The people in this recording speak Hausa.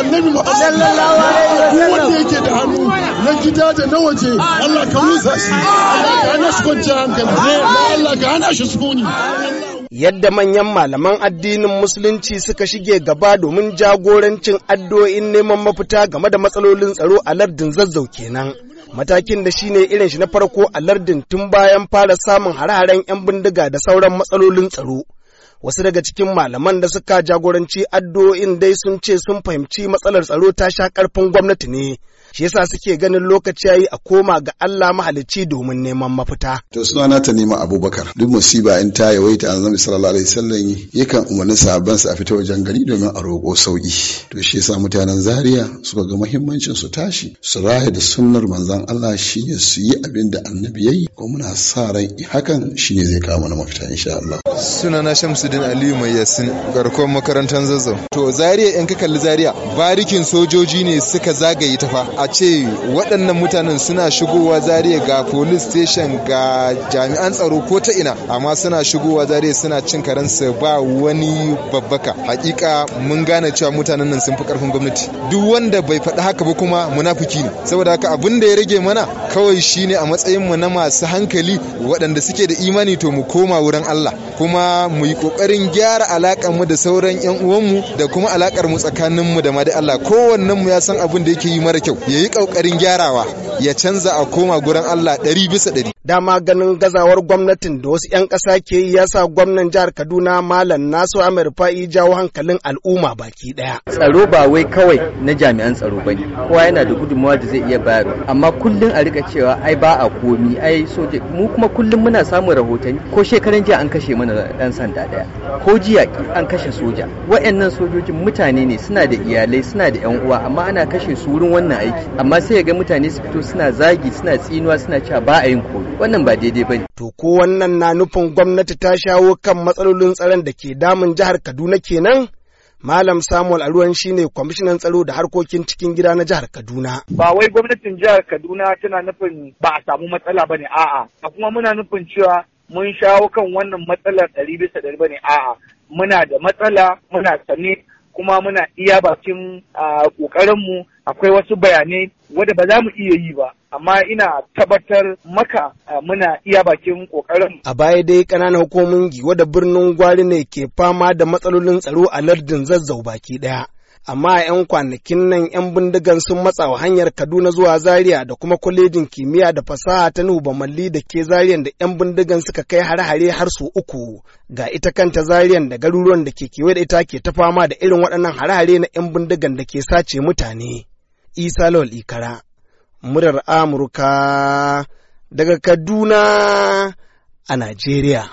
annabi yadda manyan malaman addinin musulunci suka shige gaba domin jagorancin addoin neman mafita game da matsalolin tsaro a lardin zazzau kenan matakin da shine irin shi na farko a lardin tun bayan fara samun hare-haren 'yan bindiga da sauran matsalolin tsaro wasu daga cikin malaman da suka jagoranci addu'o'in dai sun ce sun fahimci matsalar tsaro ta sha ƙarfin gwamnati ne shi yasa suke ganin lokaci yayi a koma ga Allah mahalicci domin neman mafita to suna na ta nema Abubakar duk musiba in ta yawaita annabi sallallahu alaihi wasallam yakan umarni sahabban sa a fita wajen gari domin a roƙo sauki to shi yasa mutanen Zariya suka ga muhimmancin su tashi su rahi da sunnar manzon Allah shine su yi abin da annabi yayi ko muna sa ran hakan shine zai kawo mana mafita insha Allah na Shamsuddin Aliyu Mai Yasin garkon makarantar Zazzau to Zariya in ka kalli Zariya, barikin sojoji ne suka zagaye ta fa a ce waɗannan mutanen suna shigowa zariya ga police station ga jami'an tsaro ko ta ina amma suna shigowa zariya suna cin karensu ba wani babbaka hakika mun gane cewa mutanen nan sun fi karfin gwamnati duk wanda bai faɗi haka ba kuma munafiki ne saboda haka abin da ya rage mana kawai shine a matsayin mu na masu hankali waɗanda suke da imani to mu koma wurin Allah kuma mu yi kokarin gyara alakar mu da sauran yan uwanmu da kuma alakar mu tsakanin mu da ma da Allah kowannen mu ya san abin da yake yi mara kyau ya yi ƙoƙarin gyarawa ya canza a koma gurin Allah ɗari bisa ɗari. Dama ganin gazawar gwamnatin da wasu 'yan ƙasa ke yi ya sa gwamnan jihar Kaduna Malam Nasu Amir Fa'i jawo hankalin al'umma baki ɗaya. Tsaro ba wai kawai na jami'an tsaro ba ne, kowa yana da gudunmawa da zai iya bayarwa. Amma kullum a rika cewa ai ba a komi, ai soja mu kuma kullum muna samun rahoton ko shekaran jiya an kashe mana ɗan sanda ɗaya, ko jiya an kashe soja. Wa'annan sojojin mutane ne suna da iyalai suna da 'yan uwa amma ana kashe su wurin wannan aiki. Amma sai ya ga mutane su fito suna zagi suna tsinuwa suna cewa ba a yin koyo wannan ba daidai bane to ko wannan na nufin gwamnati ta shawo kan matsalolin tsaron da ke damun jihar Kaduna kenan Malam Samuel Aruwan shine kwamishinan tsaro da harkokin cikin gida na jihar Kaduna. Ba wai gwamnatin jihar Kaduna tana nufin ba a samu matsala bane a'a, a kuma muna nufin cewa mun shawo kan wannan matsalar ɗari bisa ɗari bane a'a. Muna da matsala, muna sane, kuma muna iya bakin ƙoƙarinmu akwai wasu bayanai wadda ba za mu iya yi ba amma ina tabbatar maka muna iya bakin ƙoƙarin. A baya dai ƙananan hukumomin giwa da birnin gwari ne ke fama da matsalolin tsaro a lardin zazzau baki ɗaya. amma 'yan kwanakin nan 'yan bindigan sun matsa wa hanyar kaduna zuwa zaria da kuma kwalejin kimiyya da fasaha ta nuhu malli da ke zariyan da 'yan bindigan suka kai har hare har su uku ga ita kanta zariyan da garuruwan da ke kewaye da ita ke ta fama da irin waɗannan har hare na 'yan bindigan da ke sace mutane isa lawal ikara murar amurka daga kaduna a najeriya